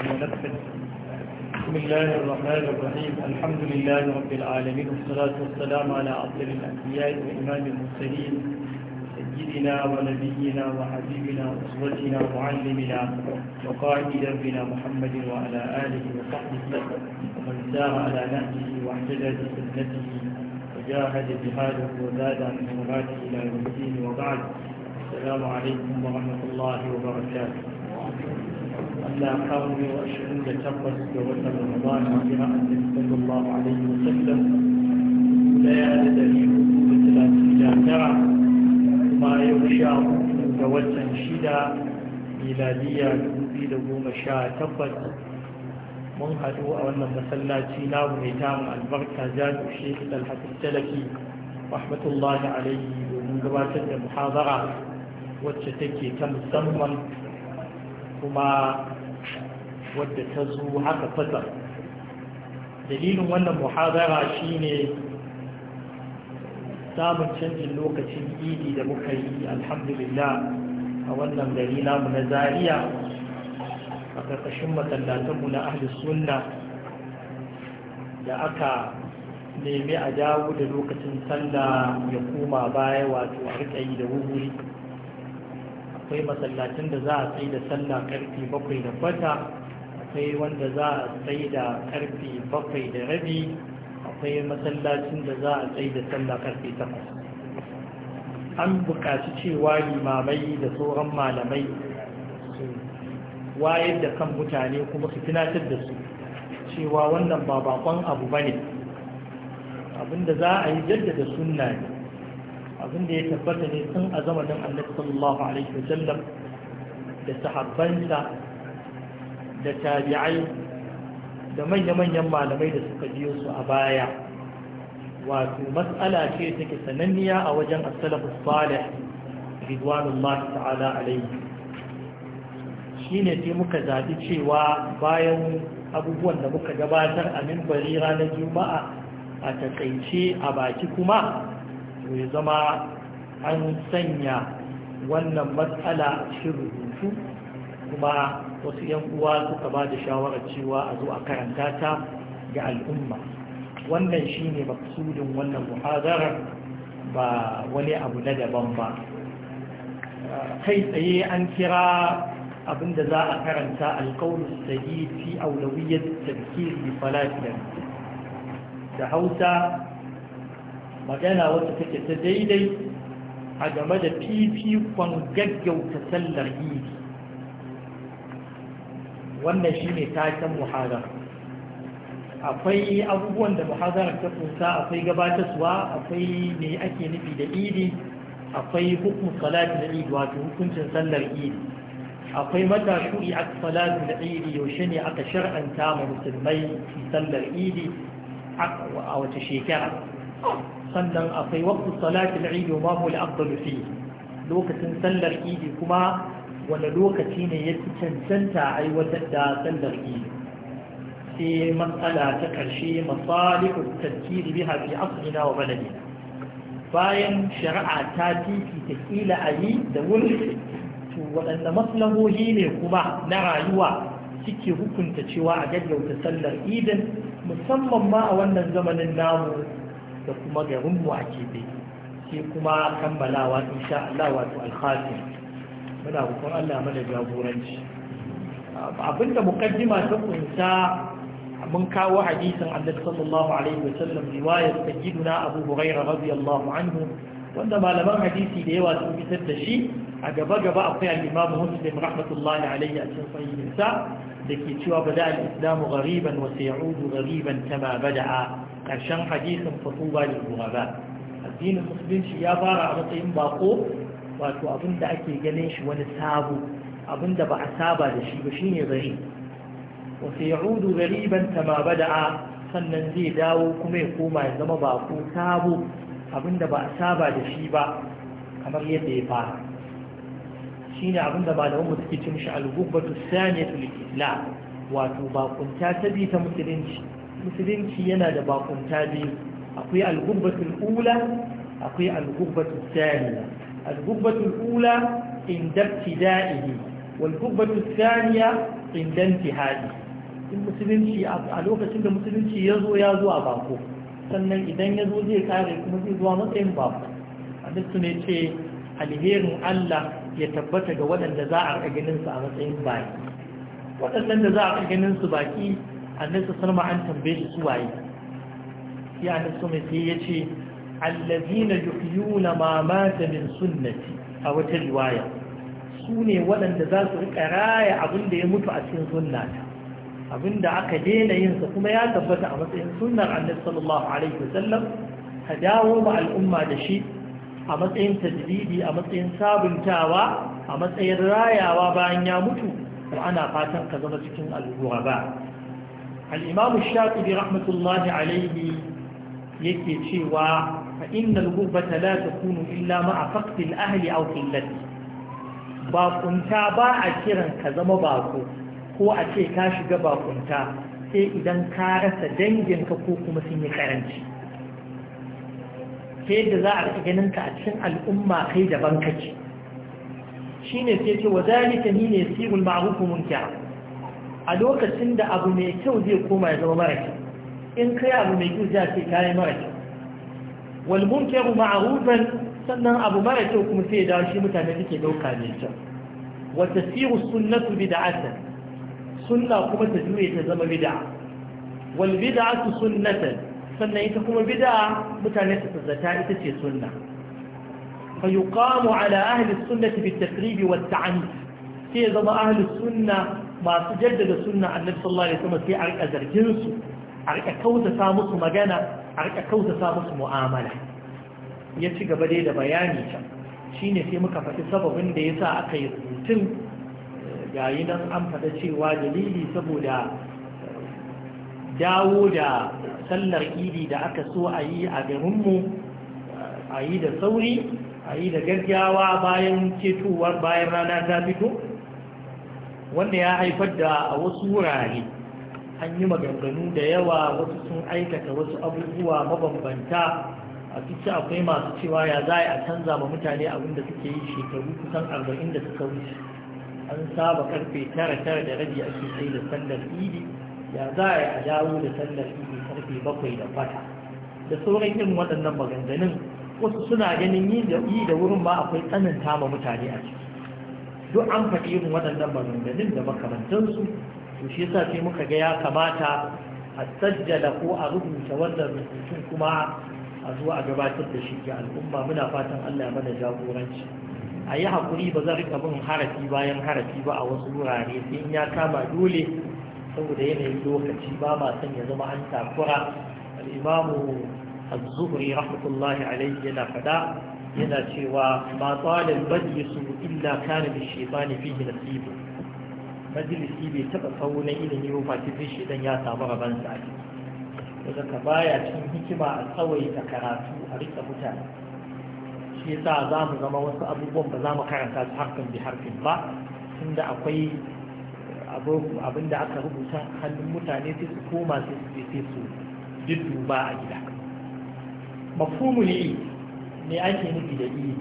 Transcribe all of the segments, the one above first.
بسم الله الرحمن الرحيم الحمد لله رب العالمين والصلاة والسلام على أفضل الأنبياء وإمام المرسلين سيدنا ونبينا وحبيبنا وأسوتنا ومعلمنا وقائد ربنا محمد وعلى آله وصحبه ومن سار على نهجه واحتجى بسنته وجاهد جهاده وزاد عن مراته إلى يوم الدين وبعد السلام عليكم ورحمة الله وبركاته ألا قومي وأشهد أن تقصد رمضان وفيها أن صلى الله عليه وسلم لا يعدد لي مثل أن ما يغشى من جوزا شدا ميلادية في لبوم شاء تقصد من هدوء وأن مسلاتي ناو نتام البركة زاد الشيخ طلحة السلفي رحمة الله عليه ومن جواسة المحاضرة وتشتكي تم الزمن kuma wadda ta zo haka fata dalilin wannan muhazara shine samun canjin lokacin idi da muka yi alhamdulillah a wannan gari namu na zariya a ƙarƙashin masallatanmu na ahlus sunna da aka nemi a dawo da lokacin sallah ya koma baya wato a yi da wuri akwai masallacin da za a tsaye da sallah karfi bakwai da kwata akwai wanda za a tsaye da karfi bakwai da rabi akwai masallacin da za a tsaye da sallah karfi takwas an buƙaci cewa limamai da sauran malamai su wayar da kan mutane kuma su tunatar da su cewa wannan ba bakon abu ba ne abinda za a yi jaddada sunna ne abin da ya tabbata ne tun a zamanin annabi sallallahu alaihi wasallam da sahabbansa da tabi'ai da manya-manyan malamai da suka biyo su a baya wato matsala ce take sananniya a wajen as-salafus salih ridwanullahi ta'ala alaihi shine sai muka zaɓi cewa bayan abubuwan da muka gabatar a mimbari ranar juma'a a takaice a baki kuma to ya zama an sanya wannan matsala a cikin rubutu kuma wasu 'yan uwa suka ba da shawarar cewa a zo a karanta ta ga al'umma wannan shine maksudin wannan muhazarar ba wani abu na daban ba kai tsaye an kira abinda za a karanta alkawun sahi fi aulawiyar tafkir falafiyar da hausa magana wata take ta daidai a game da fifikon gaggauta sallar idi wannan shi ne taken muhazara akwai abubuwan da muhazara ta kusa akwai gabatarwa akwai me ake nufi da idi akwai hukun salatu da idi wato hukuncin sallar idi akwai mata shuri a salatu da idi yaushe ne aka shar'anta ma musulmai sallar idi a wace shekara sannan akwai waqtu salatul eid wa ma afdalu fi lokacin sallar idi kuma wane lokaci ne ya fi cancanta a aiwatar da sallar idi sai matsala ta ƙarshe masalihun tafkiri biha fi asrina wa baladina bayan shari'a ta titi ta kila a yi da wuri to waɗanda maslahohi ne kuma na rayuwa suke hukunta cewa a gaggauta sallar idin musamman ma a wannan zamanin namu da kuma garinmu a kebe sai kuma kammalawa insha Allah wato alhafi muna hukun Allah mana jagoranci abinda mukaddima ta kunsa mun kawo hadisin annabi sallallahu alaihi wasallam riwayar sayyiduna abu hurairah radiyallahu anhu wanda malaman hadisi da yawa sun fitar da shi a gaba gaba akwai al-imamu muslim rahmatullahi alaihi a cikin sahihinsa da ke cewa bada al-islamu ghariban wa sayudu ghariban kama bada'a ƙarshen hadisin fasuba da ba. addinin musulunci ya fara a matsayin bako wato abin da ake ganin shi wani sabo abin da ba a saba da shi ba shine zai wasu ya'udu gariban ta ma bada'a sannan zai dawo kuma ya koma ya zama bako sabo abin da ba a saba da shi ba kamar yadda ya fara shine abin da malaman mu suke cin shi al-gubbatu saniyatu lil-islam wato bakunta ta bi ta musulunci musulunci yana da bakunta biyu akwai al-gubbatul ula akwai al-gubbatul thaniya al-gubbatul ula inda ibtida'ihi wal gubbatul thaniya inda intihadi in musulunci a lokacin da musulunci ya zo ya zo a bako sannan idan ya zo zai kare kuma zai zuwa matsayin bako a ne ce alherin Allah ya tabbata ga waɗanda za a ganin su a matsayin baki waɗannan da za a ganin su baki Annisa salma an tambaye shi su waye sai annisa sallallahu alaihi ya ce allazina yuhyuna ma mata min sunnati a wata riwaya su ne waɗanda za su rika raya abinda ya mutu a cikin sunnata Abinda aka daina yinsa kuma ya tabbata a matsayin sunnar annabi sallallahu alaihi wasallam ka dawo ma al'umma da shi a matsayin tajridi a matsayin sabuntawa a matsayin rayawa bayan ya mutu ko ana fatan ka zama cikin al'ura ba al’imamu shafi rahmatullahi alaihi yake cewa a inda lugubba ta kunu illa ma'afaktin ahli a filati bakunta ba a kiran ka zama bako ko a ce ka shiga bakunta sai idan ka rasa danginka ko kuma sun yi karanci ta yadda za a rika ganinka a cikin al'umma kai daban kaci shi ne sai ce wa zalika ni ne sirul ma'ahukumun kyau a lokacin da abu mai kyau zai koma ya zama mara kyau in kai abu mai kyau za ka yi mara kyau wal munkaru ma'rufan sannan abu mara kyau kuma sai ya dawo shi mutane suke dauka ne kyau wa tasiru sunnatu bid'ata sunna kuma ta juye ta zama bid'a wal bid'atu sunnatan sannan ita kuma bid'a mutane su tazzata ita ce sunna fa yuqamu ala ahli sunnati bit takrib wat ta'nif sai zama ahli sunna masu jaddada sunna annabi sallallahu alaihi wasallam sai a rika zarginsu, a rika kautata musu magana a rika kautata musu mu'amala ya ci gaba dai da bayani can shine sai muka faɗi sababin da ya sa aka yi rubutun yayinan eh, nan an faɗa cewa dalili saboda eh, dawo da sallar idi da aka so a yi a garinmu eh, a yi da sauri a yi da gaggawa bayan cetowar bayan rana ta fito wanda ya haifar da a wasu wurare an yi maganganu da yawa wasu sun aikata wasu abubuwa mabambanta a cikin akwai masu cewa ya za a canza ma mutane abin da suke yi shekaru kusan arba'in da suka wuce an saba karfe tara tara da rabi ake sai da sandar idi ya za a dawo da sandar idi karfe bakwai da fata da sauran irin waɗannan maganganun wasu suna ganin yi da wurin ma akwai tsananta ma mutane a ciki duk an faɗi irin waɗannan maganganun da makamantansu to shi yasa sai muka ga ya kamata a sajjala ko a rubuta wannan rubutun kuma a zuwa a gabatar da shi ga al'umma muna fatan Allah ya mana jagoranci a yi haƙuri ba zan rika bin harafi bayan harafi ba a wasu wurare sai in ya kama dole saboda yanayin lokaci ba ma son ya zama an takura al'imamu az-zuhri rahmatullahi alaihi yana faɗa yana cewa ba tsalin majalisu illa kare da fiye da nasibu majalisi bai taɓa kawo na ilimi ba face sai ya samu rabansa a ciki daga ka baya cikin hikima a tsawaita karatu a rika mutane shi yasa za mu zama wasu abubuwan ba za mu karanta su harkar bi harfin ba tunda akwai abin da aka rubuta hannun mutane sai su koma sai su sai su a gida ne. me ake nufi da ilimi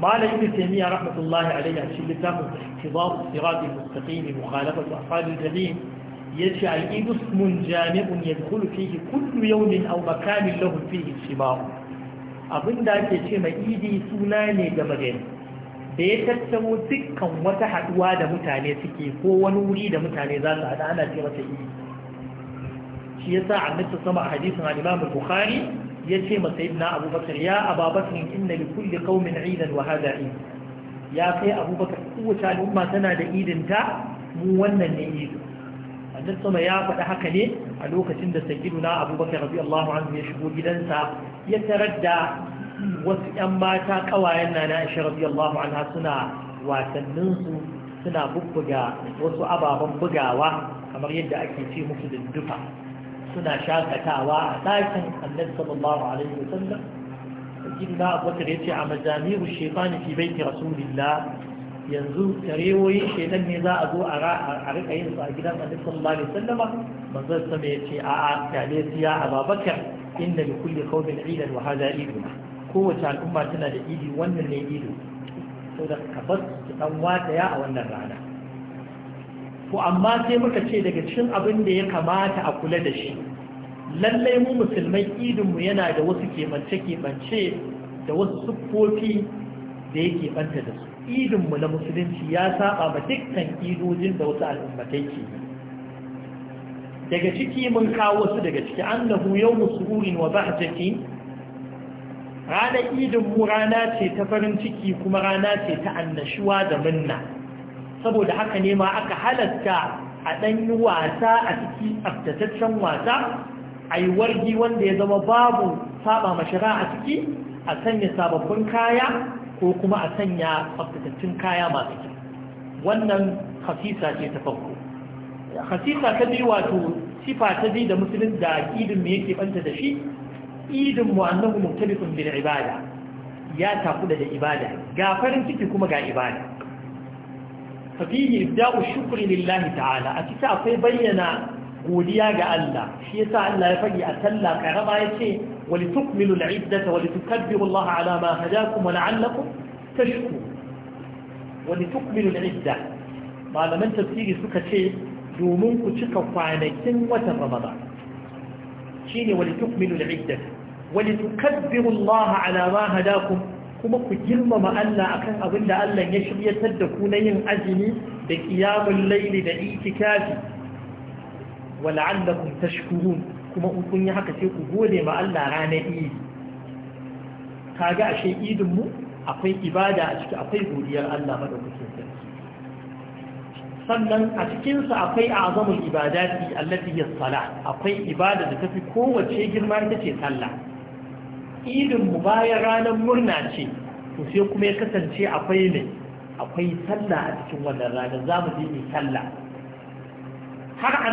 malam ibn taymiya rahmatullahi alayhi a cikin littafin ihtibab sirat al-mustaqim mukhalafat ashab al-jahim yace al-ilm ismun jami'un yadkhulu fihi kullu yawmin aw makanin lahu fihi shibab abinda ake ce mai idi suna ne ga magani da ya tattamo dukkan wata haduwa da mutane suke ko wani wuri da mutane za su hada ana ce mata idi shi yasa annabi sama a hadisin al-imam al-bukhari ya ce masa na abubakar ya ababakar inna li kulli qaumin idan wahada hada ya sai abubakar kowace al'umma tana da idinta mu wannan ne idin annabi sama ya faɗi haka ne a lokacin da na abubakar radiyallahu ya shigo gidansa ya tarar da wasu yan mata ƙawayen nana Aisha radiyallahu anha suna wasannin su suna bubbuga wasu ababen bugawa kamar yadda ake ce musu dindufa suna shakatawa a ɗakin annabi sallallahu alaihi wasallam cikin da abubakar ya ce a majami'u shefani fi baiti rasulillah yanzu tarewoyi shedan ne za a zo a rika yin su a gidan annabi sallallahu alaihi wasallam manzon sama ya ce a'a kyale a babakar ababakar inda li kulle qaumin idan wa iduna kowace al'umma tana da idi wannan ne ido saboda ka bar dan wata ya a wannan rana to amma sai muka ce daga cikin abin da ya kamata a kula da shi lallai mu musulmai idinmu yana da wasu kemance-kemance da wasu siffofi da ya banta da su idinmu na musulunci ya saba ma dukkan idojin da wasu al'ummatai ke daga ciki mun kawo wasu daga ciki annahu yau musurin wa bahjati ranar idinmu rana ce ta farin ciki kuma rana ce ta annashuwa da minna saboda haka ne ma aka halatta a ɗan yi wasa a ciki aftataccen wasa a yi wargi wanda ya zama babu saba mashara a ciki a sanya sababbin kaya ko kuma a sanya aftataccen kaya masu ciki. wannan hasisa ce ta farko hasisa ta biyu wato sifa ta biyu da musulun da idin yake banta da shi idin mu annahu muktalifun bil ibada ya tafi da ibada ga farin ciki kuma ga ibada ففيه إبداء الشكر لله تعالى أكتا في بينا godiya ga Allah shi yasa Allah ya fadi a talla karaba yace wali tukmilu al'iddata wali tukabbiru Allah ala ma hadakum wa la'allakum tashku wali tukmilu al'idda malaman tafsiri suka ce domin ku cika kwanakin watan Ramadan shine wali tukmilu al'idda kuma ku girmama Allah akan abin da Allah ya shiryatar da ku na yin azumi da qiyamul layli da itikafi wala'allakum tashkurun kuma in kun yi haka sai ku gode ma Allah ranar Idi kaga ashe idin mu akwai ibada a ciki akwai godiyar Allah madaukakin sarki sannan a cikin sa akwai azamul ibadati allati hiya salat akwai ibada da tafi kowace girma ita ce sallah idin mu bayan ranar murna ce to sai kuma ya kasance akwai ne akwai sallah a cikin wannan ranar za mu je yi sallah har